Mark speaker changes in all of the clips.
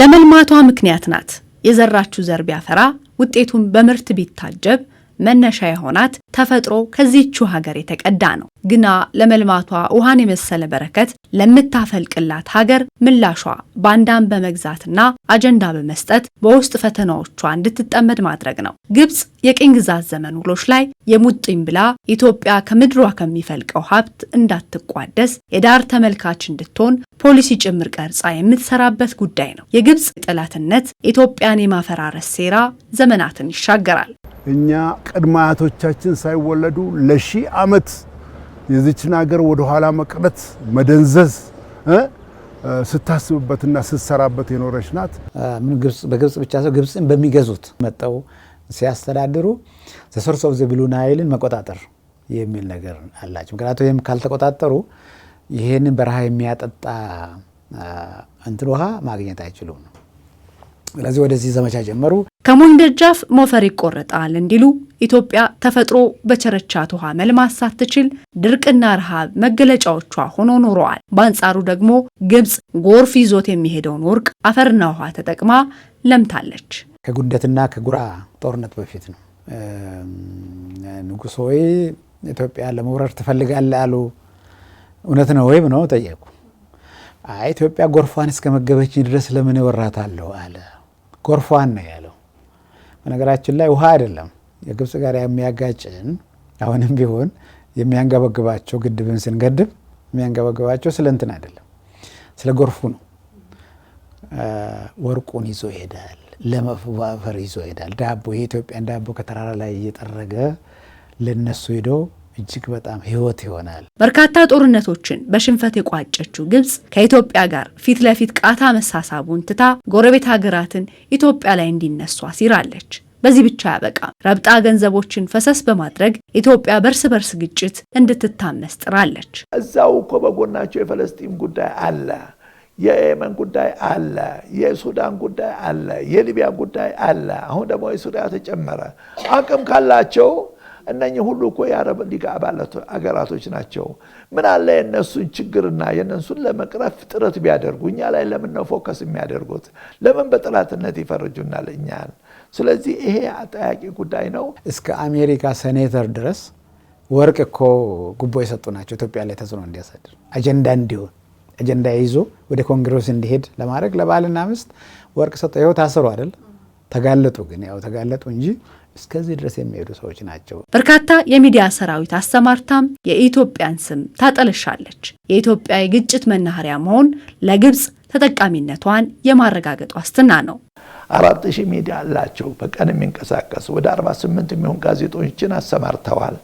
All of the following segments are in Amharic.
Speaker 1: ለመልማቷ ምክንያት ናት። የዘራችው ዘር ቢያፈራ ውጤቱን በምርት ቢታጀብ መነሻ የሆናት ተፈጥሮ ከዚችው ሀገር የተቀዳ ነው። ግና ለመልማቷ ውሃን የመሰለ በረከት ለምታፈልቅላት ሀገር ምላሿ ባንዳን በመግዛትና አጀንዳ በመስጠት በውስጥ ፈተናዎቿ እንድትጠመድ ማድረግ ነው። ግብጽ የቅኝ ግዛት ዘመን ውሎች ላይ የሙጥኝ ብላ ኢትዮጵያ ከምድሯ ከሚፈልቀው ሀብት እንዳትቋደስ የዳር ተመልካች እንድትሆን ፖሊሲ ጭምር ቀርጻ የምትሰራበት ጉዳይ ነው። የግብጽ ጠላትነት ኢትዮጵያን የማፈራረስ ሴራ ዘመናትን ይሻገራል።
Speaker 2: እኛ ቅድመ አያቶቻችን ሳይወለዱ ለሺህ ዓመት የዚችን ሀገር ወደኋላ መቅረት መደንዘዝ ስታስብበትና ስትሰራበት የኖረች ናት።
Speaker 3: ምን በግብፅ ብቻ ሰው ግብፅን በሚገዙት መጠው ሲያስተዳድሩ ሶርስ ኦፍ ዘ ብሉ ናይልን መቆጣጠር የሚል ነገር አላቸው። ምክንያቱም ይህም ካልተቆጣጠሩ ይህንን በረሃ የሚያጠጣ እንትን ውሃ ማግኘት አይችሉም። ስለዚህ ወደዚህ ዘመቻ ጀመሩ።
Speaker 1: ከሞኝ ደጃፍ ሞፈር ይቆረጣል እንዲሉ ኢትዮጵያ ተፈጥሮ በቸረቻት ውሃ መልማት ሳትችል ድርቅና ረሃብ መገለጫዎቿ ሆኖ ኖረዋል። በአንጻሩ ደግሞ ግብፅ ጎርፍ ይዞት የሚሄደውን ወርቅ አፈርና ውሃ ተጠቅማ ለምታለች።
Speaker 3: ከጉደትና ከጉራ ጦርነት በፊት ነው። ንጉሶ ወይ ኢትዮጵያ ለመውረር ትፈልጋለ አሉ። እውነት ነው ወይም ነው ጠየቁ። ኢትዮጵያ ጎርፏን እስከ ድረስ ለምን እወራታለሁ አለ። ጎርፏን ነው ያለው። በነገራችን ላይ ውሃ አይደለም የግብፅ ጋር የሚያጋጭን አሁንም ቢሆን የሚያንገበግባቸው ግድብን ስንገድብ የሚያንገበግባቸው ስለ እንትን አይደለም፣ ስለ ጎርፉ ነው። ወርቁን ይዞ ይሄዳል፣ ለመፈባፈር ይዞ ይሄዳል። ዳቦ የኢትዮጵያን ዳቦ ከተራራ ላይ እየጠረገ ለነሱ ሄደው እጅግ በጣም ህይወት ይሆናል።
Speaker 1: በርካታ ጦርነቶችን በሽንፈት የቋጨችው ግብጽ ከኢትዮጵያ ጋር ፊት ለፊት ቃታ መሳሳቡን ትታ ጎረቤት ሀገራትን ኢትዮጵያ ላይ እንዲነሱ አሲራለች። በዚህ ብቻ ያበቃም። ረብጣ ገንዘቦችን ፈሰስ በማድረግ ኢትዮጵያ በርስ በርስ ግጭት እንድትታመስ ጥራለች።
Speaker 4: እዛው እኮ በጎናቸው የፈለስጢን ጉዳይ አለ፣ የየመን ጉዳይ አለ፣ የሱዳን ጉዳይ አለ፣ የሊቢያ ጉዳይ አለ። አሁን ደግሞ የሱዳን ተጨመረ። አቅም ካላቸው እነኚህ ሁሉ እኮ የአረብ ሊግ አባላት አገራቶች ናቸው። ምን አለ የእነሱን ችግርና የእነሱን ለመቅረፍ ጥረት ቢያደርጉ እኛ ላይ ለምን ነው ፎከስ የሚያደርጉት? ለምን በጠላትነት ይፈርጁናል እኛን? ስለዚህ ይሄ አጠያቂ ጉዳይ ነው።
Speaker 3: እስከ አሜሪካ ሴኔተር ድረስ ወርቅ እኮ ጉቦ የሰጡ ናቸው። ኢትዮጵያ ላይ ተጽዕኖ እንዲያሳድር አጀንዳ እንዲሆን አጀንዳ ይዞ ወደ ኮንግረስ እንዲሄድ ለማድረግ ለባልና ሚስት ወርቅ ሰጠ። ይኸው ታስሩ አይደል? ተጋለጡ። ግን ያው ተጋለጡ እንጂ እስከዚህ ድረስ የሚሄዱ ሰዎች ናቸው።
Speaker 1: በርካታ የሚዲያ ሰራዊት አሰማርታም የኢትዮጵያን ስም ታጠልሻለች። የኢትዮጵያ የግጭት መናኸሪያ መሆን ለግብፅ ተጠቃሚነቷን የማረጋገጥ ዋስትና ነው።
Speaker 4: አራት ሺህ ሚዲያ አላቸው በቀን የሚንቀሳቀስ ወደ ስምንት የሚሆን ጋዜጦችን አሰማርተዋል።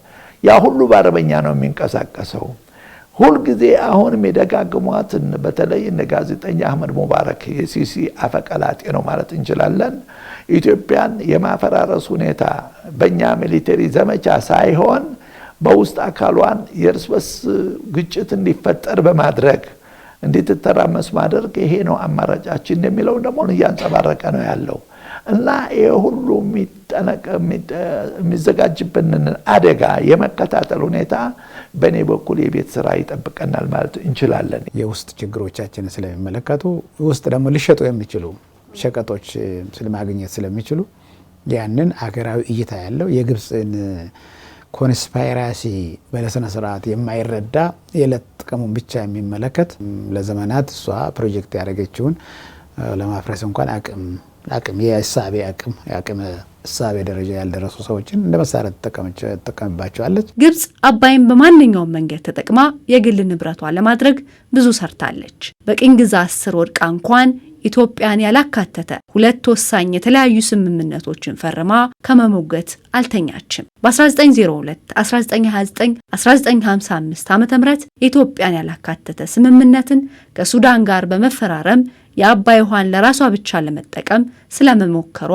Speaker 4: ያ ሁሉ በአረበኛ ነው የሚንቀሳቀሰው። ሁልጊዜ አሁንም የደጋግሟትን በተለይ እነ ጋዜጠኛ አህመድ ሙባረክ የሲሲ አፈቀላጤ ነው ማለት እንችላለን። ኢትዮጵያን የማፈራረስ ሁኔታ በእኛ ሚሊተሪ ዘመቻ ሳይሆን በውስጥ አካሏን የእርስ በርስ ግጭት እንዲፈጠር በማድረግ እንዲትተራመስ ማድረግ ይሄ ነው አማራጫችን የሚለውን ደግሞ እያንጸባረቀ ነው ያለው። እና ይህ ሁሉ የሚዘጋጅብንን አደጋ የመከታተል ሁኔታ በእኔ በኩል የቤት ስራ ይጠብቀናል ማለት እንችላለን።
Speaker 3: የውስጥ ችግሮቻችን ስለሚመለከቱ ውስጥ ደግሞ ሊሸጡ የሚችሉ ሸቀጦች ስለማግኘት ስለሚችሉ ያንን አገራዊ እይታ ያለው የግብፅን ኮንስፓይራሲ በለስነ ስርዓት የማይረዳ የዕለት ጥቅሙን ብቻ የሚመለከት ለዘመናት እሷ ፕሮጀክት ያደረገችውን ለማፍረስ እንኳን አቅም አቅም የእሳቤ አቅም የአቅም እሳቤ ደረጃ ያልደረሱ ሰዎችን እንደ መሳሪያ ትጠቀምባቸዋለች።
Speaker 1: ግብጽ አባይን በማንኛውም መንገድ ተጠቅማ የግል ንብረቷ ለማድረግ ብዙ ሰርታለች። በቅኝ ግዛት ስር ወድቃ እንኳን ኢትዮጵያን ያላካተተ ሁለት ወሳኝ የተለያዩ ስምምነቶችን ፈርማ ከመሞገት አልተኛችም። በ1902፣ 1929፣ 1955 ዓ ም ኢትዮጵያን ያላካተተ ስምምነትን ከሱዳን ጋር በመፈራረም የአባይ ውሃን ለራሷ ብቻ ለመጠቀም ስለመሞከሯ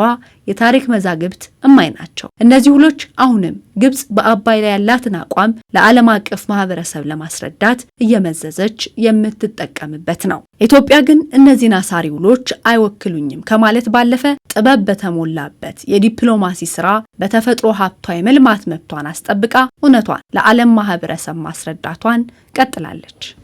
Speaker 1: የታሪክ መዛግብት እማኝ ናቸው። እነዚህ ውሎች አሁንም ግብፅ በአባይ ላይ ያላትን አቋም ለዓለም አቀፍ ማህበረሰብ ለማስረዳት እየመዘዘች የምትጠቀምበት ነው። ኢትዮጵያ ግን እነዚህን አሳሪ ውሎች አይወክሉኝም ከማለት ባለፈ ጥበብ በተሞላበት የዲፕሎማሲ ስራ በተፈጥሮ ሀብቷ የመልማት መብቷን አስጠብቃ እውነቷን ለዓለም ማህበረሰብ ማስረዳቷን ቀጥላለች።